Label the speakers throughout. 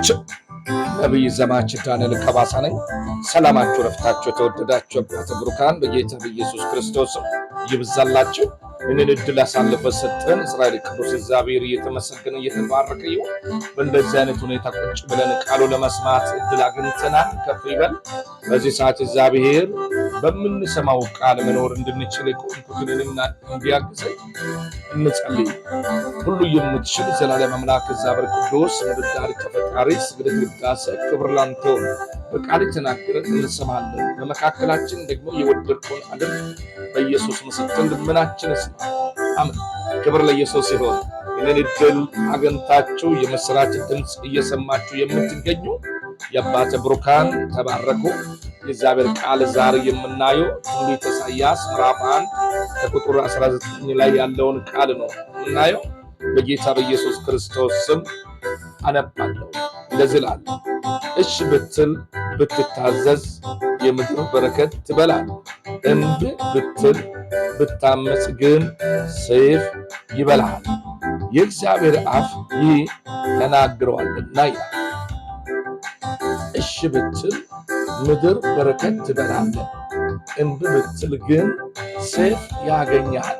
Speaker 1: ዘማችን ነቢይ ዘማችን ዳንኤል ከባሳ ነኝ። ሰላማችሁ ረፍታችሁ የተወደዳችሁ ብሩካን በጌታ በኢየሱስ ክርስቶስ ይብዛላችሁ። ይህንን እድል አሳልፈ ሰጠን። እስራኤል ቅዱስ እግዚአብሔር እየተመሰገነ እየተባረቀ ይሁን። በእንደዚህ አይነት ሁኔታ ቁጭ ብለን ቃሉ ለመስማት እድል አግኝተናል። ከፍ ይበል። በዚህ ሰዓት እግዚአብሔር በምንሰማው ቃል መኖር እንድንችል ቁንኩትንንና እንዲያግዘኝ እንጸልይ። ሁሉ የምትችል ዘላለም አምላክ እግዚአብሔር ቅዱስ ምድዳር ከፈጣሪ ስግደት ልጋሰ ክብር ላንተው በቃል የተናገረ እንሰማለን። በመካከላችን ደግሞ የወደድከውን አድርግ። በኢየሱስ ምስክር ልመናችን ስማ። አምን። ክብር ለኢየሱስ ይሆን። ይህንን እድል አግኝታችሁ የምስራች ድምፅ እየሰማችሁ የምትገኙ የአባተ ብሩካን ተባረኩ። የእግዚአብሔር ቃል ዛሬ የምናየው ትንቢተ ኢሳይያስ ምዕራፍ አንድ ከቁጥር 19 ላይ ያለውን ቃል ነው የምናየው። በጌታ በኢየሱስ ክርስቶስ ስም አነባለሁ። እንደዚህ እላለሁ፣ ብትል ብትታዘዝ የምድር በረከት ትበላል። እምቢ ብትል ብታመፅ ግን ሰይፍ ይበላሃል። የእግዚአብሔር አፍ ይህ ተናግረዋልና ይላል። እሺ ብትል ምድር በረከት ትበላለ፣ እምቢ ብትል ግን ሰይፍ ያገኛል።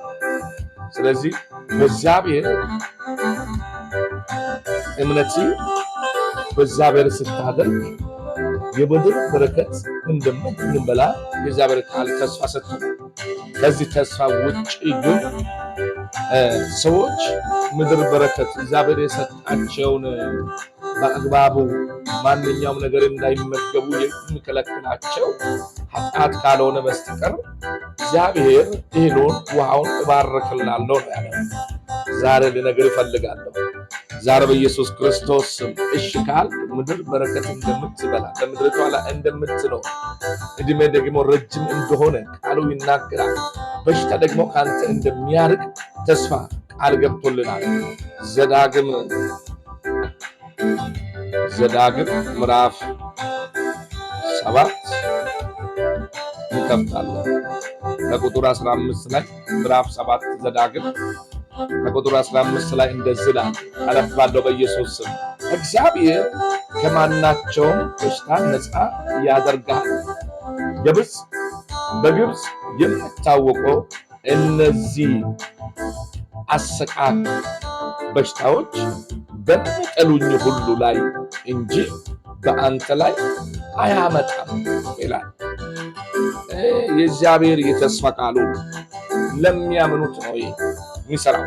Speaker 1: ስለዚህ በእግዚአብሔር እምነት በእግዚአብሔር ስታደርግ የምድር በረከት እንደሞ እንበላ የእግዚአብሔር ቃል ተስፋ ሰጥቶ ከዚህ ተስፋ ውጭ ግን ሰዎች ምድር በረከት እግዚአብሔር የሰጣቸውን በአግባቡ ማንኛውም ነገር እንዳይመገቡ የሚከለክላቸው ኃጢአት ካልሆነ በስተቀር እግዚአብሔር እህሉን ውሃውን እባርክላለሁ ነው ያለ። ዛሬ ልነግር ይፈልጋለሁ። ዛሬ በኢየሱስ ክርስቶስ ስም እሺ ካል ምድር በረከት እንደምትበላ በምድሪቷ ላይ እንደምትኖር እድሜ ደግሞ ረጅም እንደሆነ ቃሉ ይናገራል። በሽታ ደግሞ ከአንተ እንደሚያርቅ ተስፋ ቃል ገብቶልናል። ዘዳግም ዘዳግም ምዕራፍ ሰባት ይከፍታለን ከቁጥር 15 ላይ ምዕራፍ ሰባት ዘዳግም ከቁጥር 15 ላይ እንደዚህ ይላል አለፍ ባለው በኢየሱስ ስም እግዚአብሔር ከማናቸውም በሽታ ነፃ ያደርጋል። ግብፅ በግብፅ የምታወቀው እነዚህ አሰቃቂ በሽታዎች በሚጠሉኝ ሁሉ ላይ እንጂ በአንተ ላይ አያመጣም ይላል የእግዚአብሔር የተስፋ ቃሉ። ለሚያምኑት ነው የሚሰራው።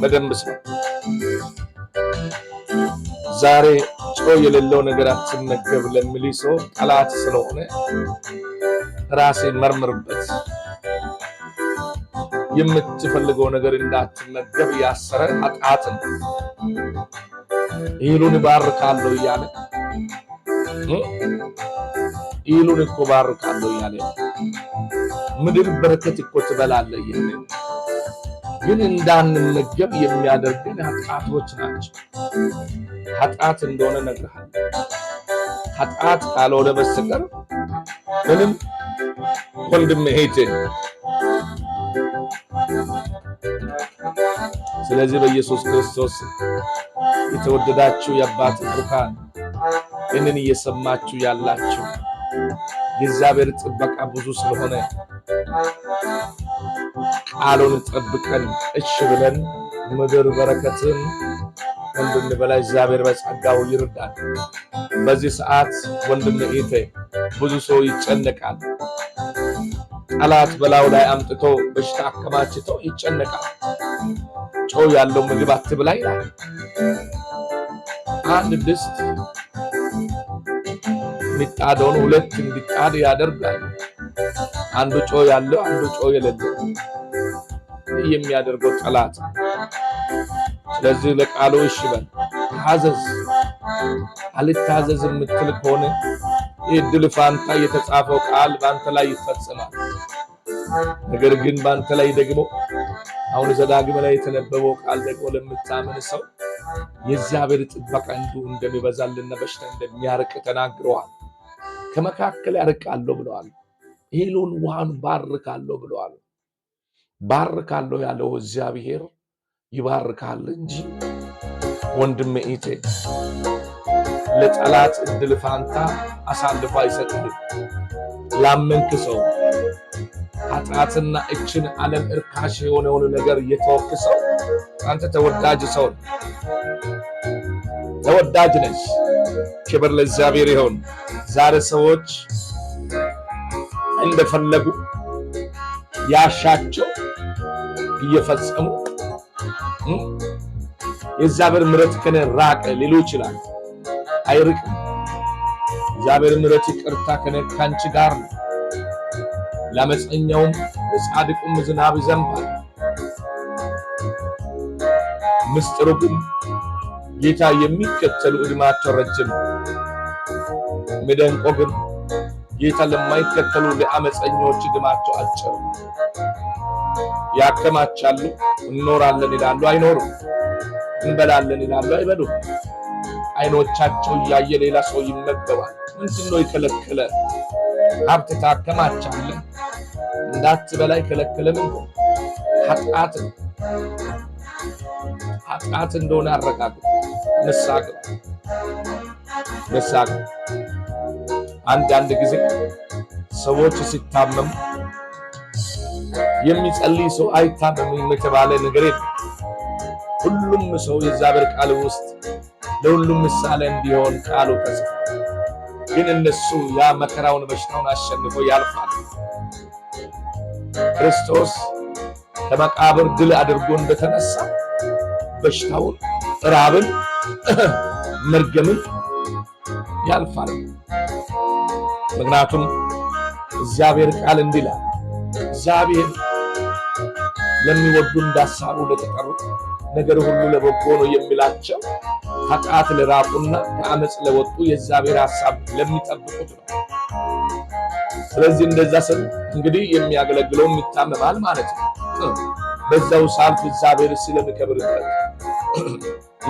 Speaker 1: በደንብ ስማ። ዛሬ ጨው የሌለው ነገር አትመገብ ለሚል ሰው ጠላት ስለሆነ ራሴ መርምርበት። የምትፈልገው ነገር እንዳትመገብ ያሰረ ኃጢአት ነው። እህሉን ባርካለሁ እያለ ይሉን እኮ ባርካለሁ እያለ ምድር በረከት እኮ ትበላለ እያለ ግን እንዳንመገብ የሚያደርግን ኃጢአቶች ናቸው። ኃጢአት እንደሆነ ነግርሃል። ኃጢአት ካልሆነ በስተቀር ምንም ወንድም ሄት። ስለዚህ በኢየሱስ ክርስቶስ የተወደዳችሁ የአባት ብሩካን ይህንን እየሰማችሁ ያላችሁ የእግዚአብሔር ጥበቃ ብዙ ስለሆነ ቃሉን ጠብቀን እሽ ብለን ምድር በረከትን እንድንበላ እግዚአብሔር በጸጋው ይርዳል። በዚህ ሰዓት ወንድም ኢቴ ብዙ ሰው ይጨነቃል። ጠላት በላዩ ላይ አምጥቶ በሽታ አከማችቶ ይጨነቃል። ጨው ያለው ምግብ አትብላ ይላል። አንድ ድስት ሚጣደውን ሁለት እንዲጣድ ያደርጋል። አንዱ ጨው ያለው፣ አንዱ ጨው የሌለው የሚያደርገው ጠላት። ስለዚህ ለቃሉ እሺ በል ታዘዝ። አልታዘዝ የምትል ከሆነ እድል ፋንታ የተጻፈው ቃል በአንተ ላይ ይፈጽማል። ነገር ግን በአንተ ላይ ደግሞ አሁን ዘዳግም ላይ የተነበበው ቃል ደግሞ ለምታምን ሰው የእግዚአብሔር ጥበቃ እንዱ እንደሚበዛልና በሽታ እንደሚያርቅ ተናግረዋል። ከመካከል ያርቃለሁ ብለዋል። እህሉን ውሃን ባርካለሁ ብለዋል። ባርካለሁ ያለው እግዚአብሔር ይባርካል እንጂ ወንድም ኢቴ ለጠላት እድል ፋንታ አሳልፎ አይሰጥም። ላመንክ ሰው ኃጢአትና እችን ዓለም እርካሽ የሆነውን ነገር የተወክ ሰው አንተ ተወዳጅ ሰው ተወዳጅ ነች። ክብር ለእግዚአብሔር ይሆን። ዛሬ ሰዎች እንደፈለጉ ያሻቸው እየፈጸሙ የእግዚአብሔር ምሕረት ከነ ራቀ ሊሉ ይችላል። አይርቅም። እግዚአብሔር ምሕረት ይቅርታ ከነ ካንቺ ጋር ነው። ለአመፀኛውም ለጻድቁም ዝናብ ይዘንባል። ምስጢሩ ግን ጌታ የሚከተሉ እድማቸው ረጅም ነው። ግን ጌታ ለማይከተሉ ለአመፀኞች ዕድሜያቸው አጭር ነው። ያከማቻሉ። እንኖራለን ይላሉ፣ አይኖሩም። እንበላለን ይላሉ፣ አይበሉም። አይኖቻቸው እያየ ሌላ ሰው ይመገባል። ምንድን ነው የከለከለ? ሀብት ታከማቻለን እንዳትበላ የከለከለ ምን ኃጢአት ኃጢአት እንደሆነ አረጋግጥ። ንስሐ ግባ፣ አንዳንድ ጊዜ ሰዎች ሲታመሙ የሚጸልይ ሰው አይታመምም የተባለ ነገር የለም። ሁሉም ሰው የእግዚአብሔር ቃል ውስጥ ለሁሉም ምሳሌ እንዲሆን ቃሉ ተጽፏል። ግን እነሱ ያ መከራውን በሽታውን አሸንፎ ያልፋል። ክርስቶስ ከመቃብር ድል አድርጎ እንደተነሳ በሽታውን፣ እራብን፣ መርገምን ያልፋል። ምክንያቱም እግዚአብሔር ቃል እንዲላል እግዚአብሔር ለሚወዱ እንዳሳቡ ለተጠሩት ነገር ሁሉ ለበጎ ነው የሚላቸው ከኃጢአት ለራቁና ከአመፅ ለወጡ የእግዚአብሔር ሀሳብ ለሚጠብቁት ነው። ስለዚህ እንደዛ ስል እንግዲህ የሚያገለግለው ይታመማል ማለት ነው። በዛው ሳልፍ እግዚአብሔር ስለሚከብርበት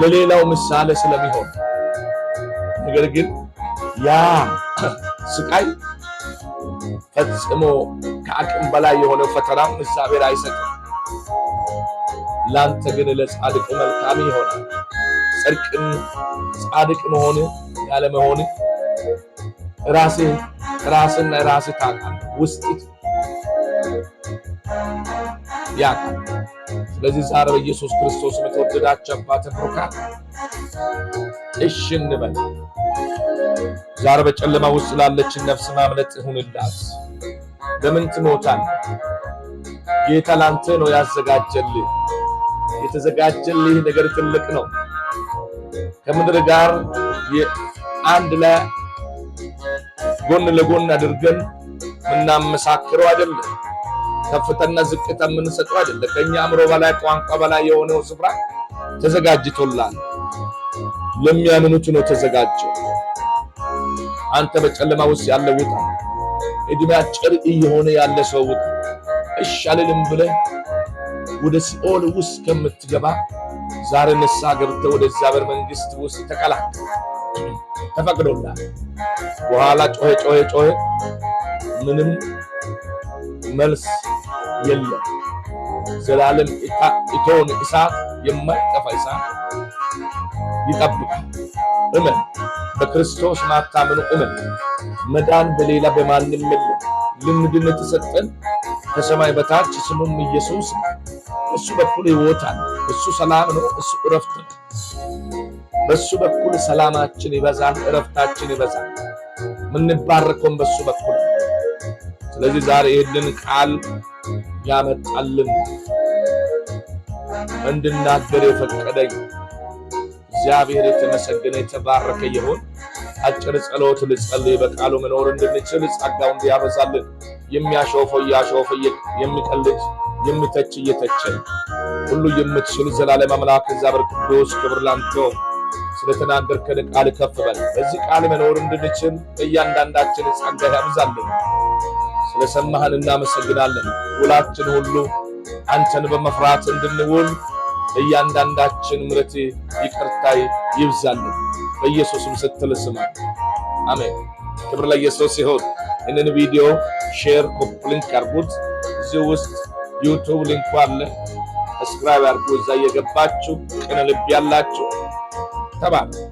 Speaker 1: ለሌላው ምሳሌ ስለሚሆን ነገር ግን ያ ስቃይ ፈጽሞ ከአቅም በላይ የሆነ ፈተናም እግዚአብሔር አይሰጥም። ላንተ ግን ለጻድቅ መልካም ይሆናል። ጽድቅን ጻድቅ መሆን ያለ መሆን ራስ ራስና ራስ ታውቃለህ፣ ውስጥ ያውቃል። ስለዚህ ዛሬ በኢየሱስ ክርስቶስ የተወደዳችሁ አባተ ብሩካን እሺ እንበል። ዛሬ በጨለማ ውስጥ ላለችን ነፍስ ማምለጥ ይሁንላት። ለምን ትሞታል? ጌታ ላንተ ነው ያዘጋጀልህ። የተዘጋጀልህ ነገር ትልቅ ነው። ከምድር ጋር አንድ ላይ ጎን ለጎን አድርገን የምናመሳክረው አይደለም። ከፍተና ዝቅታ የምንሰጠው አይደለም። ከኛ አእምሮ በላይ ቋንቋ በላይ የሆነው ስፍራ ተዘጋጅቶላል። ለሚያምኑት ነው ተዘጋጀው። አንተ በጨለማ ውስጥ ያለ ውጣ። እድሜ አጭር እየሆነ ያለ ሰው ውጣ። እሽ አልልም ብለህ ወደ ሲኦል ውስጥ ከምትገባ ዛሬ ንስሐ ገብተህ ወደ እግዚአብሔር መንግስት ውስጥ ተቀላቀል። ተፈቅዶላል። በኋላ ጮኸ ጮኸ ጮኸ፣ ምንም መልስ የለም። ዘላለም እቶን እሳት የማይጠፋ እሳት ይጠብቃል። እመን፣ በክርስቶስ ማታመኑ እመን። መዳን በሌላ በማንም የለም። ልምድነት ተሰጠን። ከሰማይ በታች ስሙም ኢየሱስ እሱ በኩል ይወጣል። እሱ ሰላም ነው። እሱ እረፍት ነው። በሱ በኩል ሰላማችን ይበዛል፣ እረፍታችን ይበዛል። የምንባረከውም በሱ በኩል ስለዚህ ዛሬ ይህንን ቃል ያመጣልን እንድናገር የፈቀደኝ እግዚአብሔር የተመሰገነ የተባረከ ይሁን። አጭር ጸሎት ልጸልይ በቃሉ መኖር እንድንችል ጸጋው እንዲያበዛልን የሚያሾፈ እያሾፈ የሚቀልድ የሚተች እየተቸ ሁሉ የምትችል ዘላለም አምላክ እግዚአብሔር ቅዱስ ክብር ላንተ ስለተናገርከን ቃል ከፍ በል። በዚህ ቃል መኖር እንድንችል በእያንዳንዳችን ጸጋ ያብዛልን። ስለሰማህን እናመሰግናለን። ውላችን ሁሉ አንተን በመፍራት እንድንውል በእያንዳንዳችን ምረት ይቅርታይ ይብዛልን። በኢየሱስም ስትል ስማ፣ አሜን። ክብር ለኢየሱስ ይሁን። ይህንን ቪዲዮ ሼር፣ ኮፕ ሊንክ አርጉት። እዚህ ውስጥ ዩቱብ ሊንኩ አለ። ሰብስክራይብ አርጉ። እዛ እየገባችሁ ቅን ልብ ያላችሁ ተባለ